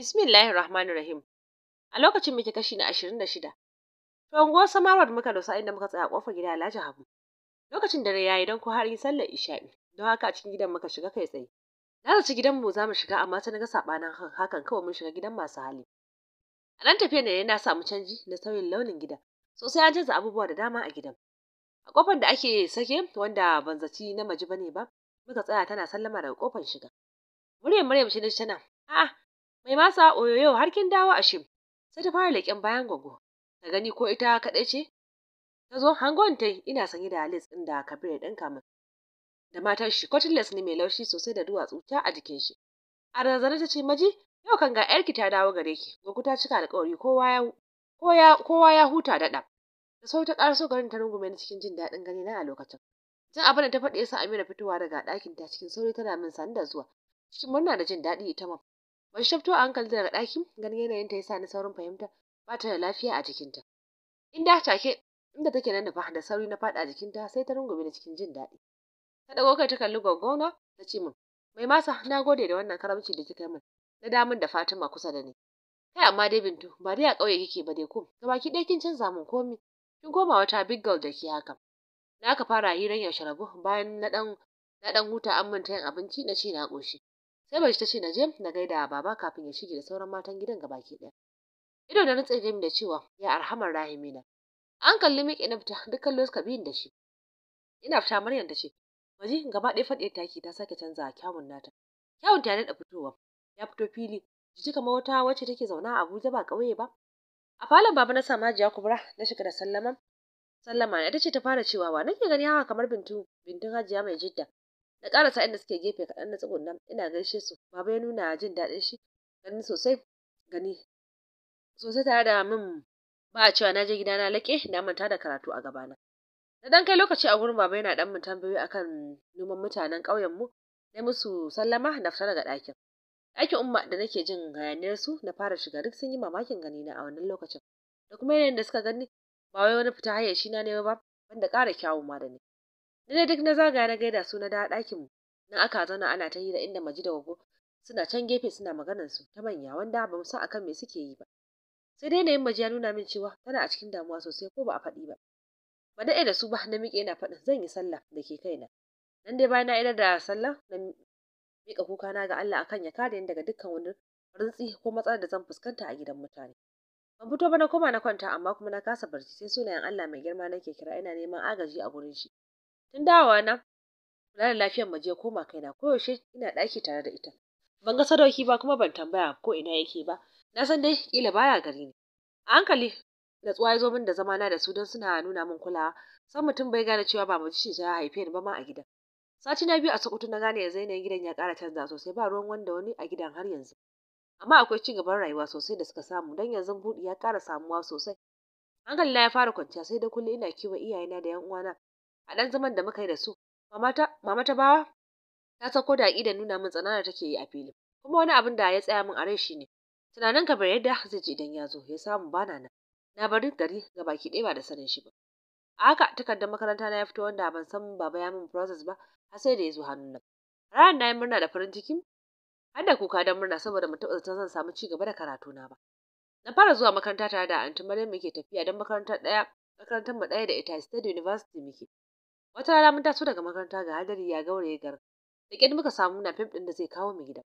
Bismillahir Rahmanir Rahim. A lokacin muke kashi na 26. To unguwar Samarwad muka dosa inda muka tsaya kofar gida Alhaji Habu. Lokacin dare yayi don ko har yi sallar Isha'i. Don haka a cikin gidan muka shiga kai tsaye. Na zaci gidan mu za mu shiga amma ta naga sabanin hakan kawai mun shiga gidan masu hali. A nan tafiyar ne na samu canji na sauyin launin gida. Sosai an canza abubuwa da dama a gidan. A kofar da ake sake wanda ban zaci na maji bane ba, muka tsaya tana sallama daga kofar shiga. Muryar Maryam ne tana, "A'a, mai masa oyoyo har kin dawo a shim sai ta fara leƙen bayan gwaggo ta gani ko ita kaɗai ce ta zo hangon ta ina sanye da halis ɗin da kabir ya ɗinka min da matar shi cottonless ne mai laushi sosai da duwatsu ta a jikin shi a razana ta ce maji yau kan ga yarki ta dawo gare ki gwaggo ta cika alƙawari kowa ya kowa kowa ya huta da sau ta ƙaraso garin ta rungume ni cikin jin daɗin gani na a lokacin jin abin da ta faɗi ya sa Amira fitowa daga ɗakin ta cikin sauri tana min sanda zuwa cikin murna da jin daɗi ita ma Ba shi tafto a hankali daga ɗakin ganin yanayin ta yasa ni saurin fahimta ba ta da lafiya a jikinta. Inda take inda take nan nufa da sauri na faɗa jikinta sai ta rungume ni cikin jin daɗi. Ta ɗago kai ta kalli gwaggona ta ce min mai masa na gode da wannan karamci da kika min na damun da Fatima kusa da ni. Kai amma dai Bintu ba dai a ƙauye kike ba dai ko gabaki ɗaya kin canza mun komi kin koma wata big girl da ke haka. Na aka fara hirar yaushe rabu bayan na ɗan na ɗan huta an manta yin abinci na ce na ƙoshi. sai bari ta ce na je na gaida baba kafin ya shige da sauran matan gidan gaba ke ɗaya ido da rantsa jami da cewa ya arhamar rahimina an kalli miƙe na fita duk kallon suka biyin da shi ina fita maryam ta ce waje gaba ɗaya faɗiyar taki ta sake canza kyawun nata kyawun ta daɗa fitowa ya fito fili jiki kamar wata wacce take zauna a abuja ba ƙauye ba a falon baba na sama jiya kubura na shiga da sallama sallama ita ce ta fara cewa wa nake gani hawa kamar bintu bintun hajiya mai jidda na ƙarasa inda suke gefe kaɗan na nan, ina gaishe su baba ya nuna jin daɗin shi gani sosai gani sosai tare da min ba a cewa na je gida na laƙe na manta da karatu a gabana na dan kai lokaci a gurin baba yana dan mun tambayoyi akan noman mutanen ƙauyen mu na musu sallama na fita daga ɗakin ɗakin umma da nake jin hayaniyar su na fara shiga duk sun yi mamakin gani na a wannan lokacin da kuma yanayin da suka gani ba wai wani fita hayyaci na ne ba banda ƙara kyawun ma da ni dai duk na zagaya na gaida su na da ɗakin na aka zauna ana ta hira inda maji da wago suna can gefe suna maganar su ta manya wanda ba mu san akan me suke yi ba sai dai na yin maji ya nuna min cewa tana a cikin damuwa sosai ko ba a faɗi ba ba daɗe da su ba na miƙe yana faɗin zan yi sallah da ke kaina nan dai bayan na idar da sallah na miƙa kuka na ga Allah akan ya kare ni daga dukkan wani rintsi ko matsalar da zan fuskanta a gidan mutane ban fito ba na koma na kwanta amma kuma na kasa barci sai sunayen Allah mai girma nake kira ina neman agaji a gurin shi Tun dawowa na kula da lafiyar mu je koma kaina koyaushe ina ɗaki tare da ita. Ban ga sadauki ba kuma ban tambaya ko ina yake ba. Na san dai kila baya gari ne. A hankali natsuwa ya zo min da zamana da su don suna nuna min kulawa. San mutum bai gane cewa ba mace ce ta haife ni ba ma a gidan. Sati na biyu a Sokoto na gane yanzu yanayin gidan ya ƙara canza sosai ba ruwan wanda wani a gidan har yanzu. Amma akwai ci gaban rayuwa sosai da suka samu don yanzu buɗi ya ƙara samuwa sosai. Hankali na ya fara kwanciya sai da kullum ina kiwon iyayena da 'yan uwana a ɗan zaman da muka yi da su mama ta bawa ta sako da idan nuna min tsanana take yi a filin kuma wani abin da ya tsaya min a rai ne. tunanin ka bai yadda zai je idan ya zo ya samu bana nan na bari gari ga baki ɗaya ba da sanin shi ba a haka takardar makaranta na ya fito wanda ban san baba ya min process ba har sai da ya zo hannun nan ranar na yi murna da farin ciki har da kuka don murna saboda mu taɓa zan samu ci gaba da karatu na ba na fara zuwa makaranta tare da anti Maryam muke tafiya don makarantar ɗaya makarantar mu ɗaya da ita State University muke Wata rana mun taso daga makaranta ga hadari ya gauraye gar. Da kyan muka samu na ɗin da zai kawo mu gida.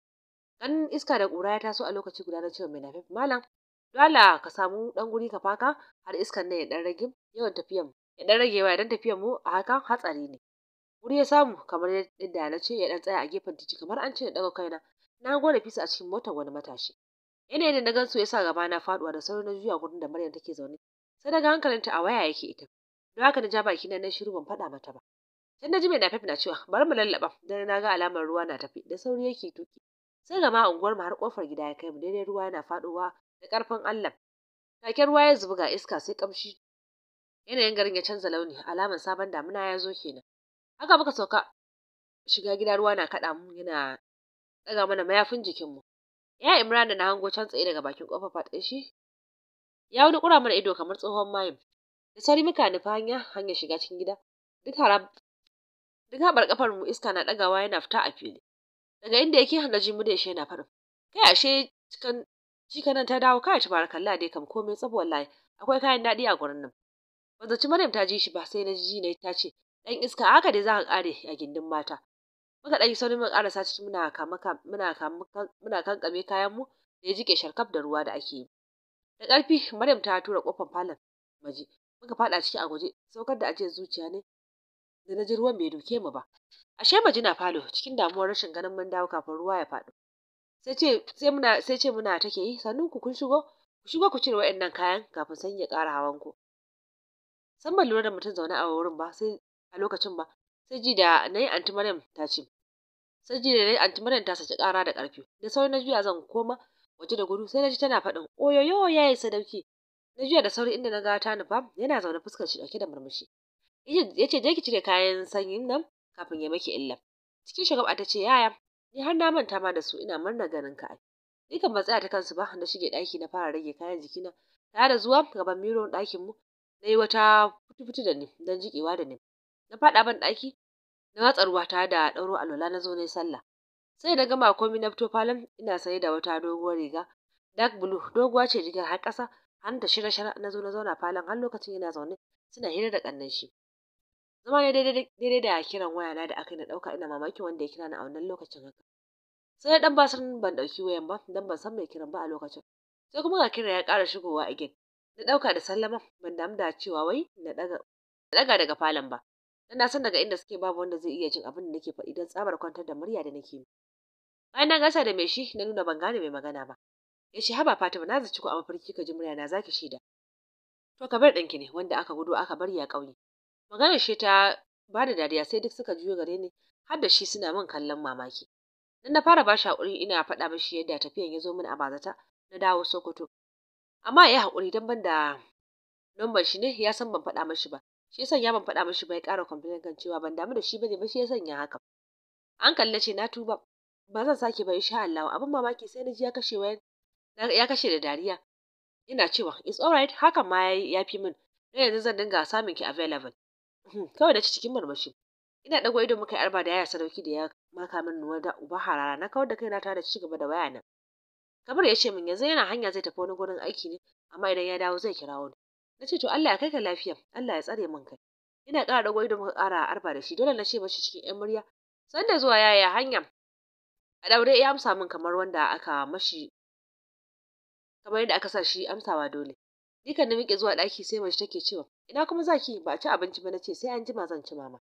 Ganin iska da ƙura ya taso a lokaci guda na cewa mai nafif malam dole ka samu ɗan guri ka faka har iskan nan ya ɗan rage yawan tafiyan ya dan ragewa ya dan tafiyan mu a hakan hatsari ne. Wuri ya samu kamar yadda na ce ya ɗan tsaya a gefen titi kamar an ce ya daga kaina na gode fisa a cikin motar wani matashi. Yanayin da na gan su ya sa gaba na faɗuwa da sauri na juya gurin da Maryam take zaune. Sai daga hankalinta a waya yake ita. don haka na ja baki na nan shiru ban faɗa mata ba sai na ji mai nafafi na cewa bari mu lallaba dan na ga alamar ruwa na tafi da sauri yake tuki sai gama unguwar mu har kofar gida ya kai mu daidai ruwa yana faɗowa da ƙarfin Allah taken ruwa ya zubi ga iska sai kamshi yanayin garin ya canza launi alamar sabon damuna ya zo kenan haka muka sauka shiga gida ruwa na kaɗa mu yana ɗaga mana mayafin jikinmu ya imran da na hango can tsaye daga bakin ƙofar faɗin shi ya wani ƙura mana ido kamar tsohon mayim da sauri muka nufi hanya hanyar shiga cikin gida duk duk haɓar kafar mu iska na ɗagawa yana fita a fili daga inda yake hana ji mu da shi yana faɗin kai ashe cikin nan ta dawo kai Allah dai kam komai tsabo wallahi akwai kayan daɗi a gurin nan ban zaci Maryam ta ji shi ba sai na ji na ta ce dan iska haka dai za ka kare a gindin mata muka ɗan yi mun karasa cikin muna muna muna kankame kayan mu da ya jike sharkaf da ruwa da ake yi da ƙarfi Maryam ta tura kofar falon maji muka faɗa ciki a guje saukar da ajiyar zuciya ne da na ji ruwan bai doke mu ba ashe maji jina falo cikin damuwar rashin ganin mun dawo kafin ruwa ya faɗo sai ce sai muna sai ce muna take yi sannu ku kun shigo ku shigo ku cire waɗannan kayan kafin sanya ya ƙara hawan ku san ban lura da mutum zaune a wurin ba sai a lokacin ba sai ji da nayi anti maryam ta ce sai ji da nayi anti maryam ta saki ƙara da ƙarfi da sauri na juya zan koma waje da gudu sai na ji tana faɗin oyoyo yayi sadauki na jiya da sauri inda na ga ta nufa yana zaune fuskar shi dauke da murmushi ya ce je ki cire kayan sanyin nan kafin ya maki illa cikin shagaba ta ce yaya ni har na manta ma da su ina murna ganin ka ni kan ba tsaya ta kansu ba na shige daki na fara rage kayan jikina tare da zuwa gaban miron ɗakin mu na yi wata fitu da ni don jikewa da ni na faɗa ban ɗaki na watsa ruwa tare da ɗauro alwala na zo na yi sallah sai na gama komi na fito falon ina saye da wata doguwar riga dark blue doguwa ce rigar har ƙasa an da shi shirye na zo na zauna falon har lokacin yana zaune suna hira da kannan shi zama ne daidai da kiran waya na da aka na dauka ina mamakin wanda ya kira ni a wannan lokacin haka sai na dan basar ban dauki wayan ba dan ban san mai kiran ba a lokacin sai kuma ga kira ya ƙara shigowa a gin na dauka da sallama ban damu da cewa wai na daga daga daga falon ba dan na san daga inda suke babu wanda zai iya jin abin da nake faɗi dan tsabar kwantar da murya da nake yi bayan na gasa da mai shi na nuna ban gane mai magana ba ya ce haba Fatima na zaci ku a mafarki ka ji murya na zaki shaida to ka bar ɗanki ne wanda aka gudu aka bari ya ƙauye maganar shi ta ba da dariya sai duk suka juyo gare ni har da shi suna min kallon mamaki dan na fara shi hakuri ina faɗa mishi yadda tafiyan ya zo min a bazata na dawo Sokoto amma ya hakuri dan ban da lambar shi ne ya san ban faɗa mishi ba shi yasa ya ban faɗa mishi ba ya ƙara complain kan cewa ban damu da shi bane ba shi yasa ya haka an kalle ce na tuba ba zan sake ba insha Allah abin mamaki sai na ji ya kashe wayar ya kashe da dariya ina cewa it's alright Haka ma ya fi min na yanzu zan dinga samun ki available uhm, kawai da ci cikin marmashi ina dago ido muka arba da yaya sadauki da ya maka min nuwa da uba harara na kawar da na ta da ci gaba da waya nan. kamar ya ce min yanzu yana hanya zai tafi wani gurin aiki ne amma idan ya dawo zai kirawo ni na ce to Allah ya kai ka lafiya Allah ya tsare min kai ina ƙara dago ido muka ƙara arba da shi dole na ce mashi cikin yan murya sanda zuwa yaya hanya a daure ya amsa min kamar wanda aka mashi kamar yadda aka sa shi amsawa dole ni kan na miƙe zuwa ɗaki sai mace take cewa ina kuma zaki ba a ci abinci ba na ce, sai an jima zan ci mama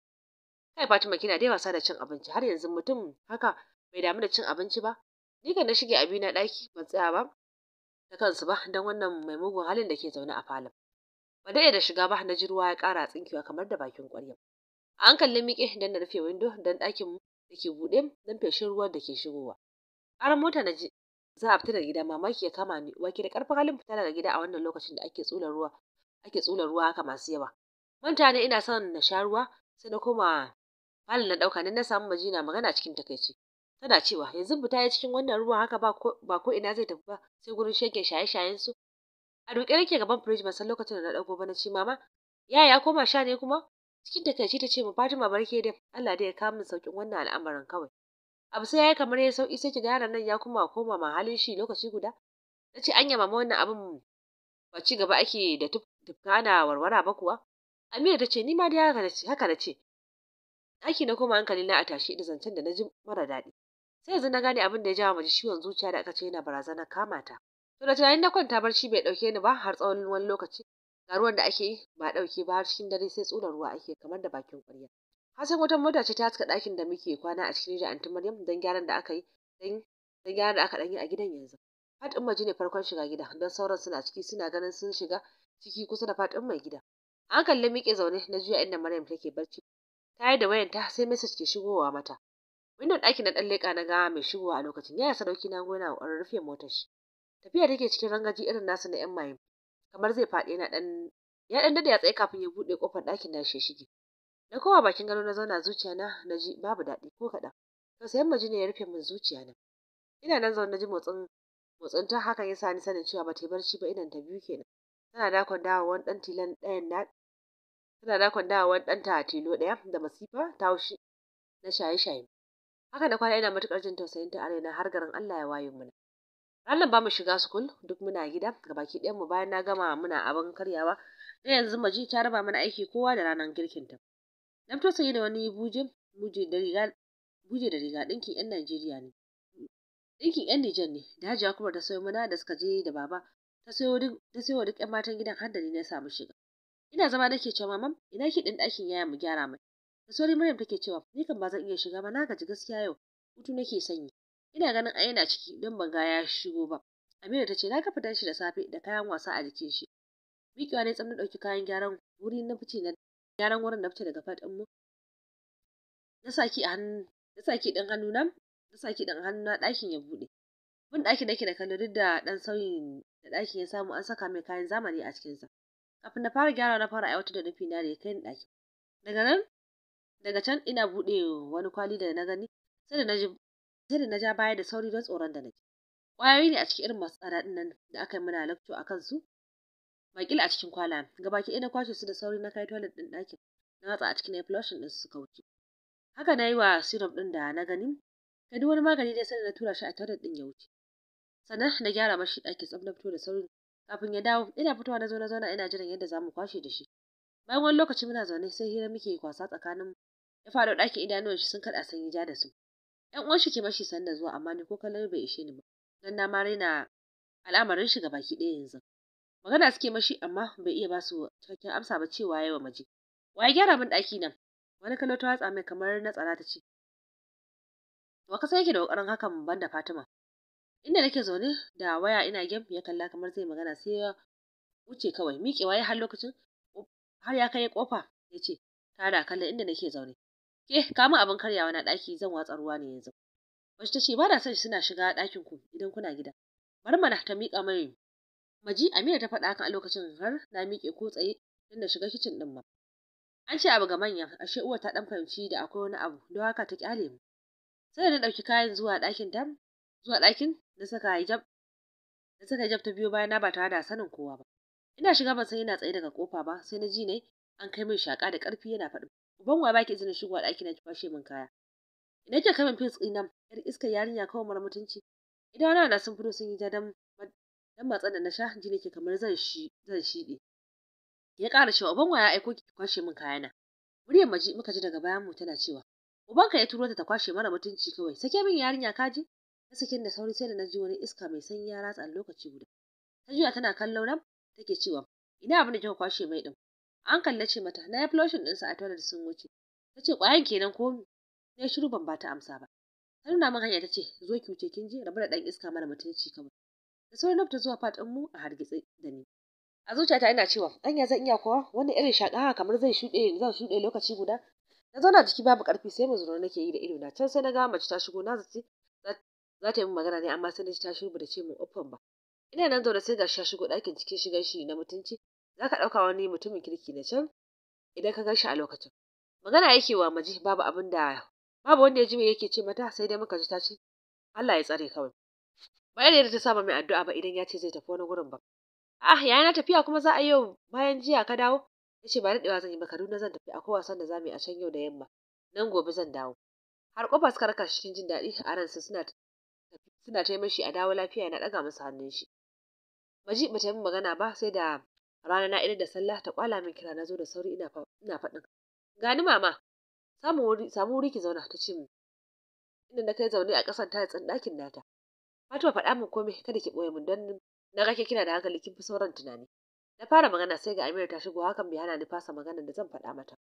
kai Fatima kina dai wasa da cin abinci har yanzu mutum haka bai damu da cin abinci ba ni kan na shige abina ɗaki ban tsaya ba da kansu ba don wannan mai mugun halin da ke zaune a falon ba da da shiga ba na ji ruwa ya ƙara tsinkewa kamar da bakin ƙwarya a hankalin miƙe don na rufe windo don ɗakin da ke buɗe don feshin ruwan da ke shigowa ƙarar mota na ji za a fita daga gida mamaki ya kama ni wake da karfin halin fita daga gida a wannan lokacin da ake tsula ruwa ake tsula ruwa haka masu yawa manta ne ina son na sha ruwa sai na koma falin na dauka nan na samu majina magana cikin takaici tana cewa yanzu fita ya cikin wannan ruwa haka ba ko ba ko ina zai tafi ba sai gurin shege shaye-shayen su a duke nake gaban fridge ban san lokacin da na dauko ba na ce mama yaya ya koma sha ne kuma cikin takaici ta ce mu Fatima barke da Allah da ya kawo min saukin wannan al'amarin kawai abu sai yayi kamar ya sauki sai kiga nan ya kuma koma ma halin shi lokaci guda nace anya mama wannan abin ba ci gaba ake da tufkana warwara ba kuwa Amira tace ni ma dai haka nace haka nace ɗaki na koma hankali na a tashi da zancen da na ji mara daɗi sai yanzu na gane abin da ya jawo mace ciwon zuciya da aka ce yana barazana kama ta to da tunanin na kwanta barci bai dauke ni ba har tsawon wani lokaci ga ruwan da ake ba dauke ba har cikin dare sai tsular ruwa ake kamar da bakin ƙwarya san wata mota ce ta haska ɗakin da muke kwana a cikin da Maryam don gyaran da aka yi don gyaran da aka ɗan yi a gidan yanzu. Fatin maji ne farkon shiga gida, don sauran suna ciki suna ganin sun shiga ciki kusa da fatin mai gida. An kalli miƙe zaune na juya inda Maryam take barci. Ta yi da ta sai message ke shigowa mata. Windon ɗakin na ɗan leƙa na ga mai shigowa a lokacin yaya sadauki na gona ƙoƙarin rufe motar shi. Tafiya take cikin rangaji irin nasu na 'yan mayim kamar zai faɗi yana ɗan ya ɗan dade ya tsaye kafin ya buɗe kofar ɗakin da shi shige. na kowa bakin gano na zauna zuciya na na ji babu daɗi ko kaɗan tausayin maji ne ya rufe min zuciya na ina nan zaune na ji motsin motsin ta hakan ya sa ni sanin cewa ba ta barci ba idan ta biyu kenan tana dakon dawowan ɗan tilan ɗayan na tana dakon dawowan ɗanta ta tilo ɗaya da masifa ta haushi na shaye-shaye haka da kwana ina matuƙar jin tausayin ta arena har garin Allah ya waye mana ranar ba mu shiga sukul duk muna gida ga baki ɗayan mu bayan na gama muna abin karyawa sai yanzu maji ta raba mana aiki kowa da ranar girkin ta Lamto sanye da wani bujin buje da riga buje da riga ɗinkin 'yan Najeriya ne. Ɗinkin 'yan Nijar ne da Hajiya kuma ta sayo mana da suka je da baba ta sayo duk duk 'yan matan gidan har da ni na samu shiga. Ina zama nake cewa mamam ina ki ɗin ɗakin yaya mu gyara mai. Da sauri Maryam take cewa ni kan ba zan iya shiga ba na gaji gaskiya yau hutu nake sanyi. Ina ganin ai yana ciki don ban ga ya shigo ba. Amira ta ce na kafa tashi da safe da kayan wasa a jikin shi. Miƙewa ne tsam dauki kayan gyaran wuri na fice na gyaran wurin na fita daga faɗin mu na saki a hannu na saki ɗin hannu na na saki ɗin hannu na ɗakin ya buɗe bin ɗakin nake da kallo duk da ɗan sauyin da ɗakin ya samu an saka mai kayan zamani a cikin sa kafin na fara gyara na fara aiwatar da nufi na da ya kai ni ɗaki daga nan daga can ina buɗe wani kwali da na gani sai da na sai da na ja baya da sauri don tsoron da nake ƙwayoyi ne a cikin irin masu tsada ɗin nan da aka yi mana lakco a kansu makil a cikin kwala gabaki ɗaya na kwashe su da sauri na kai toilet ɗin ɗakin na watsa a cikin flushing ɗin su kauce haka na yi wa syrup ɗin da na gani ka duk wani magani dai sai na tura shi a toilet din ya wuce sannan na gyara mashi ɗaki tsaf na fito da sauri kafin ya dawo ina fitowa na zo na zauna ina jiran yadda zamu kwashe da shi bayan wani lokaci muna zaune sai hira muke kwasa tsakanin ya faɗo ɗakin idanuwan shi sun kaɗa sanyi ja da su ƴan uwan shi ke mashi sanda zuwa amma ni ko kallon bai ishe ni ba dan na ma raina al'amarin shi baki ɗaya yanzu magana suke mashi amma bai iya basu cikakken amsa ba cewa yawa maje wa ya gyara min ɗaki nan wani kallo ta watsa mai kamar na tsara ta ce wa kasa yake da kokarin hakan banda Fatima inda nake zaune da waya ina gem ya kalla kamar zai magana sai ya wuce kawai miƙewa ya har lokacin har ya kai kofa ya ce da kallon inda nake zaune ke kama abin karyawa na daki zan watsa ruwa ne yanzu wacce ta ce ba na son suna shiga ɗakin ku idan kuna gida marmana ta miƙa mai maji Amina ta faɗa haka a lokacin har na miƙe ko tsaye don na shiga kicin ɗin ma an ce abu ga manya. ashe uwa ta ɗan fahimci da akwai wani abu don haka ta ƙyale mu sai na ɗauki kayan zuwa ɗakin dam zuwa ɗakin na saka hijab na saka hijab ta biyo na ba tare da sanin kowa ba ina shiga ban san yana tsaye daga kofa ba sai na ji ne an kai min shaka da ƙarfi yana faɗi uban wa baki izinin shigowa ɗaki na ki kwashe min kaya ina ke kamin fes ɗin nan yar iskar yarinya kawai mara mutunci wani na sun fito sun yi jadam dan matsan da na sha ji nake kamar zan shi zan shiɗe ya ƙara cewa uban ya aiko ki kwashe min kayana muryar maji muka ji daga bayan mu tana cewa ubanka ya turo ta ta kwashe mara mutunci kawai sake min yarinya kaji ta sakin da sauri sai da na ji wani iska mai sanyi ya ratsa lokaci guda ta juya tana kallon nan take cewa ina abin da kika kwashe mai din an kalle ce mata na yi din Sa'a a toilet sun wuce ta ce ƙwayan kenan ko ne shiru ban ba ta amsa ba ta nuna min hanya ta ce zo ki wuce kin je rabu da ɗan iska mara mutunci kawai da sauran na fita zuwa fatan mu a hargitse da ni a zuciyata ina cewa anya zan iya kowa, wani irin shaka kamar zai shuɗe zan shuɗe lokaci guda na zauna jiki babu ƙarfi sai mu zuro nake yi da ido na can sai na ga mace ta shigo na zaci za ta yi min magana ne amma sai na ji ta shigo da ce min uffan ba ina nan zaune sai gashi ya shigo ɗakin cikin shigan shi na mutunci za ka ɗauka wani mutumin kirki na can idan ka gan shi a lokacin magana yake wa maji babu abin da babu wanda ya ji me yake ce mata sai dai muka ji ta ce Allah ya tsare kawai ba yadda ta saba mai addu'a ba idan ya ce zai tafi wani gurin ba ah yayi na tafiya kuma za a yau bayan jiya ka dawo ce ba daɗewa zan yi ba Kaduna zan tafi akwai wasan da zamu yi a can yau da yamma nan gobe zan dawo har ƙofa suka raka cikin jin daɗi a ransa suna suna ta mashi a dawo lafiya yana ɗaga masa hannun shi maji ta yi magana ba sai da rana na idan da sallah ta kwala min kira na zo da sauri ina ina faɗin gani mama samu wuri ki zauna ta ce inda na kai zaune a ƙasan ta tsan ɗakin nata Fatima faɗa min komai kada ki ɓoye min don na ga kina da hankali kin fi sauran tunani. Na fara magana sai ga Amira ta shigo hakan bai hana ni fasa magana da zan faɗa mata.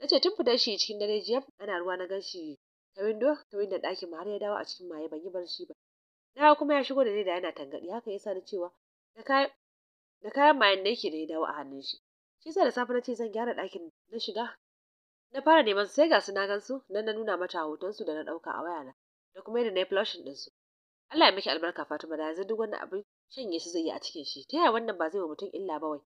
Na ce tun fitar shi cikin dare jiya ana ruwa na gan shi ta windo ta windon ɗakin har ya dawo a cikin maye ban yi barci ba. Na kuma ya shigo da ni da yana tangaɗi haka ya sa na cewa da kayan mayan da yake da ya dawo a hannun shi. Shi sa da safe na ce zan gyara ɗakin na shiga na fara neman sai ga su na su, nan na nuna mata hoton su da na ɗauka a wayana da kuma yadda na yi flushing ɗinsu Allah ya miki albarka Fatima da yanzu duk wani abin shanye shi zai yi a cikin shi ta yaya wannan ba zai wa mutum illa ba wai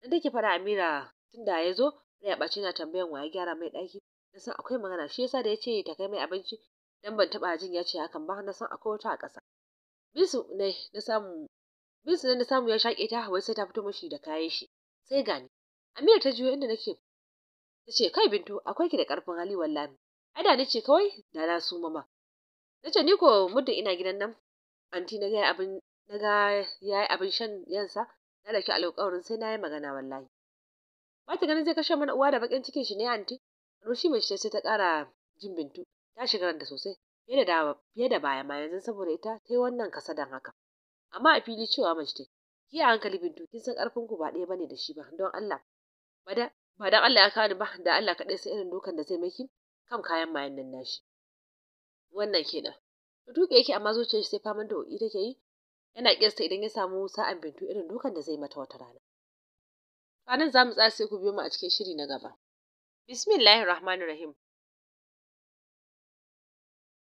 dan take fara Amira tun da ya zo sai ya baci yana tambayan wa ya gyara mai ɗaki. na san akwai magana shi yasa da ya ce ta kai mai abinci dan ban taba jin ya ce hakan ba na san akwai wata a ƙasa bisu ne na samu bisu ne na samu ya shaƙe ta wai sai ta fito mashi da kayan shi sai gani Amira ta juyo inda nake ta ce kai Bintu akwai ki da ƙarfin hali wallahi ai da ni ce kawai da na su mama na ce ni ko muddin ina gidan nan anti na ga abin na ga yayi abin shan yansa na dauki alƙawarin sai na yi magana wallahi ba ta ganin zai kashe mana uwa da bakin cikin shi ne anti shi mai sai ta kara jin bintu ta shiga ranta sosai fiye da fiye da baya ma yanzu saboda ita ta yi wannan kasadan haka amma a fili cewa mace ta ki a hankali bintu kin san karfin ku ba ɗaya bane da shi ba don Allah ba da ba dan Allah ya kawo ba da Allah kaɗai sai irin dokan da zai maki kan kayan mayan nan nashi wannan kenan to duka yake amma zuciyar shi sai faman da wuri take yi yana kiyasta idan ya samu sa'an bintu irin dukan da zai mata wata rana ranar za mu tsaya sai ku biyo mu a cikin shiri na gaba bismillahir rahmanir rahim